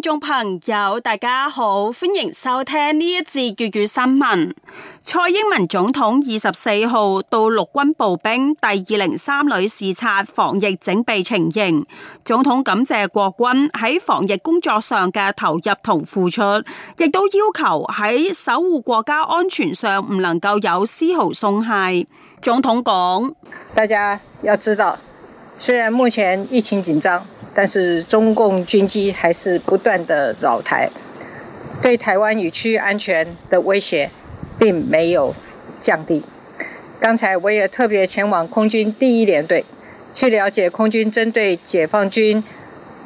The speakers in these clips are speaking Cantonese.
觀眾朋友，大家好，歡迎收聽呢一節粵語新聞。蔡英文總統二十四號到陸軍步兵第二零三旅視察防疫整備情形。總統感謝國軍喺防疫工作上嘅投入同付出，亦都要求喺守護國家安全上唔能夠有絲毫鬆懈。總統講：大家要知道，雖然目前疫情緊張，但是中共軍機還是不斷的擾台，對台灣與區域安全的威脅，並沒有降低。剛才我也特別前往空軍第一聯隊，去了解空軍針對解放軍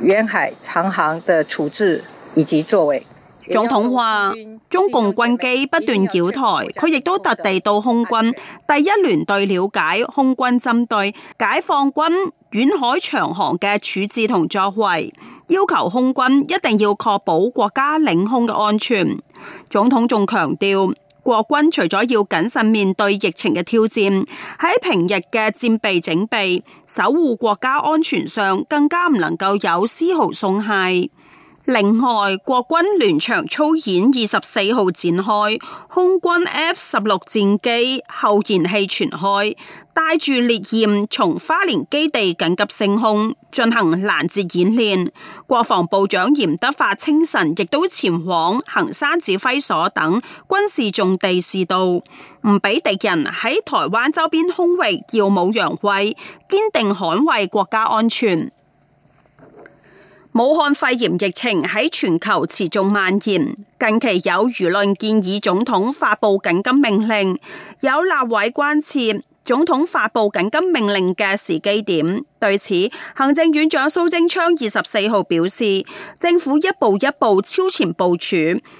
遠海長航的處置以及作為。總統話：中共軍機不斷擾台，佢亦都特地到空軍第一聯隊了解空軍針對解放軍遠海長航嘅處置同作為，要求空軍一定要確保國家領空嘅安全。總統仲強調，國軍除咗要謹慎面對疫情嘅挑戰，喺平日嘅戰備整備、守護國家安全上，更加唔能夠有絲毫鬆懈。另外，國軍聯翔操演二十四號展開，空軍 F 十六戰機後燃器全開，帶住烈焰從花蓮基地緊急升空進行攔截演練。國防部長嚴德發清晨亦都前往衡山指揮所等軍事重地視察，唔俾敵人喺台灣周邊空域耀武揚威，堅定捍衛國家安全。武漢肺炎疫情喺全球持續蔓延，近期有輿論建議總統發佈緊急命令，有立委關切總統發佈緊急命令嘅時機點。對此，行政院長蘇貞昌二十四號表示，政府一步一步超前部署，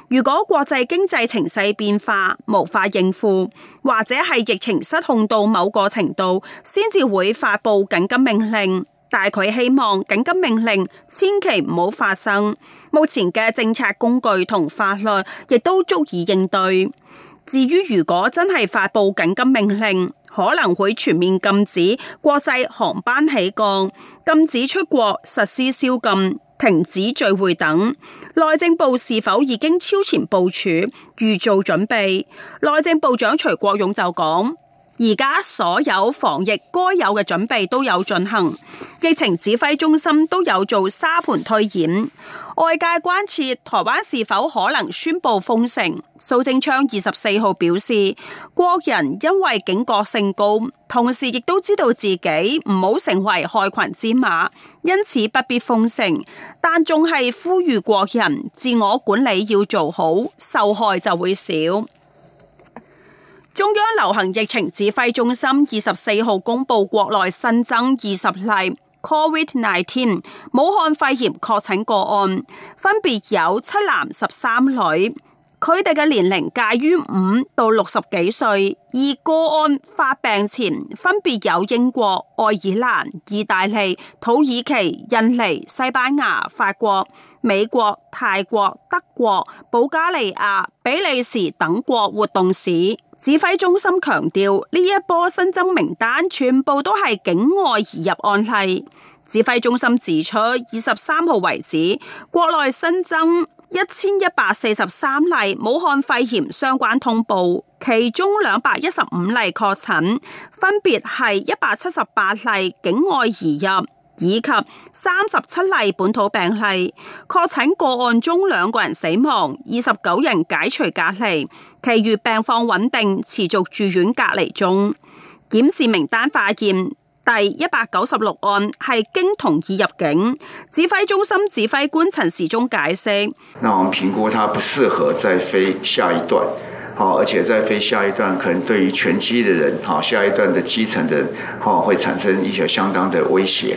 如果國際經濟情勢變化無法應付，或者係疫情失控到某個程度，先至會發佈緊急命令。但佢希望緊急命令千祈唔好發生。目前嘅政策工具同法律亦都足以應對。至於如果真係發布緊急命令，可能會全面禁止國際航班起降、禁止出國、實施宵禁、停止聚會等。內政部是否已經超前部署、預做準備？內政部長徐國勇就講。而家所有防疫該有嘅準備都有進行，疫情指揮中心都有做沙盤推演。外界關切台灣是否可能宣布封城，蘇貞昌二十四號表示，國人因為警覺性高，同時亦都知道自己唔好成為害群之馬，因此不必封城，但仲係呼籲國人自我管理要做好，受害就會少。中央流行疫情指揮中心二十四號公布國內新增二十例 COVID-19 武漢肺炎確診個案，分別有七男十三女。佢哋嘅年齡介於五到六十幾歲，而個案發病前分別有英國、愛爾蘭、意大利、土耳其、印尼、西班牙、法國、美國、泰國、德國、保加利亞、比利時等國活動史。指揮中心強調，呢一波新增名單全部都係境外移入案例。指揮中心指出，二十三號為止，國內新增，一千一百四十三例武漢肺炎相關通報，其中兩百一十五例確診，分別係一百七十八例境外移入以及三十七例本土病例。確診個案中，兩個人死亡，二十九人解除隔離，其餘病況穩定，持續住院隔離中。檢視名單化驗。第一百九十六案係經同意入境，指揮中心指揮官陳時中解釋：那我們評估他不適合再飛下一段，而且再飛下一段可能對於全機的人，下一段的基層人，會產生一些相當的威脅，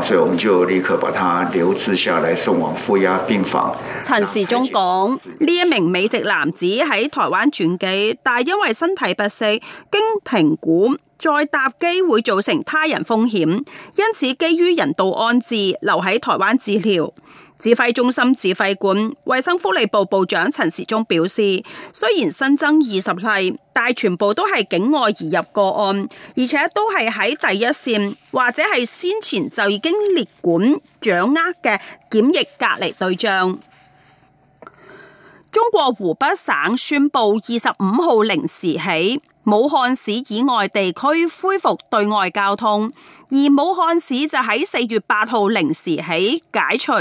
所以我們就立刻把他留置下來，送往負壓病房。陳時中講：呢一名美籍男子喺台灣轉機，但係因為身體不適，經評估。再搭機會造成他人風險，因此基於人道安置，留喺台灣治療。指揮中心指揮官、衛生福利部部長陳時中表示，雖然新增二十例，但全部都係境外移入個案，而且都係喺第一線或者係先前就已經列管掌握嘅檢疫隔離對象。中國湖北省宣布，二十五號零時起，武漢市以外地區恢復對外交通；而武漢市就喺四月八號零時起解除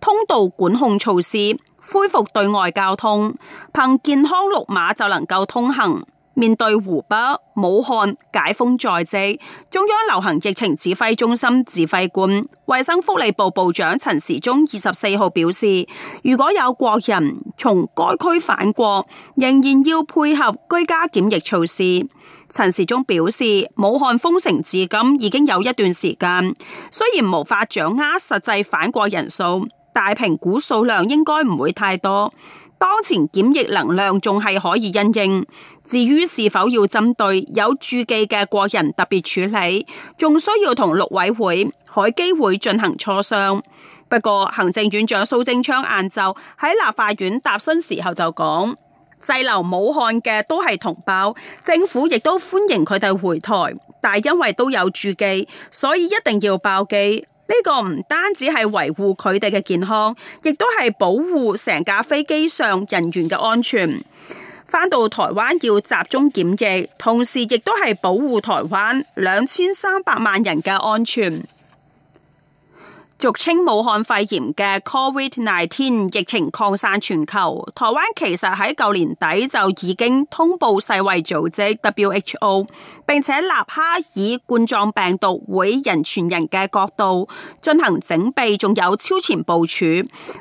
通道管控措施，恢復對外交通，憑健康綠碼就能夠通行。面對湖北武漢解封在即，中央流行疫情指揮中心指揮官、衛生福利部部長陳時中二十四號表示，如果有國人從該區返國，仍然要配合居家檢疫措施。陳時中表示，武漢封城至今已經有一段時間，雖然無法掌握實際返國人數。大評估數量應該唔會太多，當前檢疫能量仲係可以因應。至於是否要針對有註記嘅國人特別處理，仲需要同陸委會、海基會進行磋商。不過，行政院長蘇貞昌晏晝喺立法院答詢時候就講，滯留武漢嘅都係同胞，政府亦都歡迎佢哋回台，但係因為都有註記，所以一定要包機。呢個唔單止係維護佢哋嘅健康，亦都係保護成架飛機上人員嘅安全。返到台灣要集中檢疫，同時亦都係保護台灣兩千三百萬人嘅安全。俗稱武漢肺炎嘅 COVID-19 疫情擴散全球，台灣其實喺舊年底就已經通報世衛組織 （WHO），並且立刻以冠狀病毒會人傳人嘅角度進行整備，仲有超前部署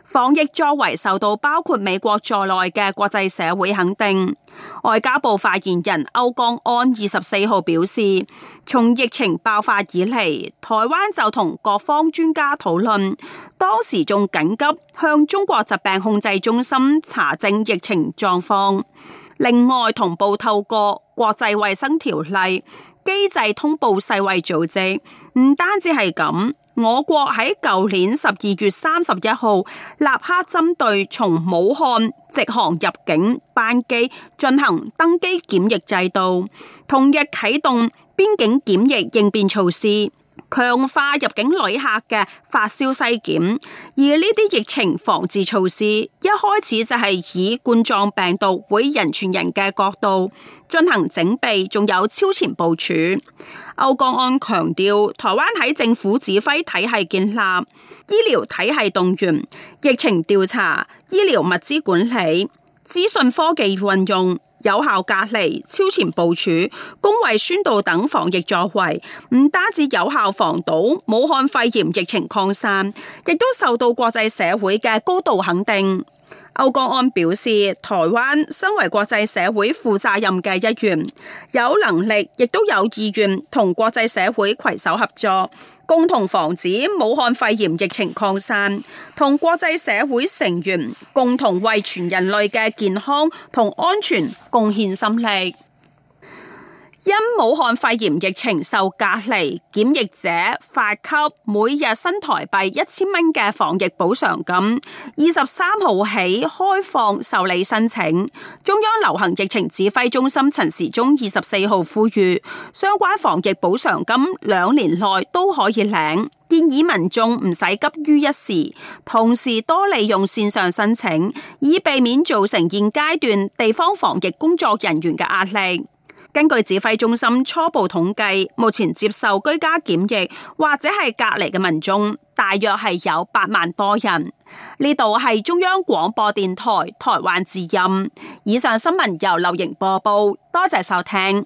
防疫作為，受到包括美國在內嘅國際社會肯定。外交部發言人歐江安二十四號表示，從疫情爆發以嚟，台灣就同各方專家討。討論當時仲緊急向中國疾病控制中心查證疫情狀況，另外同步透過國際衛生條例機制通報世衛組織。唔單止係咁，我國喺舊年十二月三十一號立刻針對從武漢直航入境班機進行登機檢疫制度，同日啟動邊境檢疫應變措施。強化入境旅客嘅發燒篩檢，而呢啲疫情防治措施一開始就係以冠狀病毒會人傳人嘅角度進行整備，仲有超前部署。歐國安強調，台灣喺政府指揮體系建立、醫療體系動員、疫情調查、醫療物資管理、資訊科技運用。有效隔離、超前部署、公衛宣導等防疫作為，唔單止有效防堵武漢肺炎疫情擴散，亦都受到國際社會嘅高度肯定。歐江安表示，台灣身為國際社會負責任嘅一員，有能力亦都有意願同國際社會攜手合作，共同防止武漢肺炎疫情擴散，同國際社會成員共同為全人類嘅健康同安全貢獻心力。因武漢肺炎疫情受隔離檢疫者發給每日新台幣一千蚊嘅防疫補償金，二十三號起開放受理申請。中央流行疫情指揮中心陳時中二十四號呼籲，相關防疫補償金兩年內都可以領，建議民眾唔使急於一時，同時多利用線上申請，以避免造成現階段地方防疫工作人員嘅壓力。根據指揮中心初步統計，目前接受居家檢疫或者係隔離嘅民眾大約係有八萬多人。呢度係中央廣播電台台灣之音。以上新聞由劉瑩播報，多謝收聽。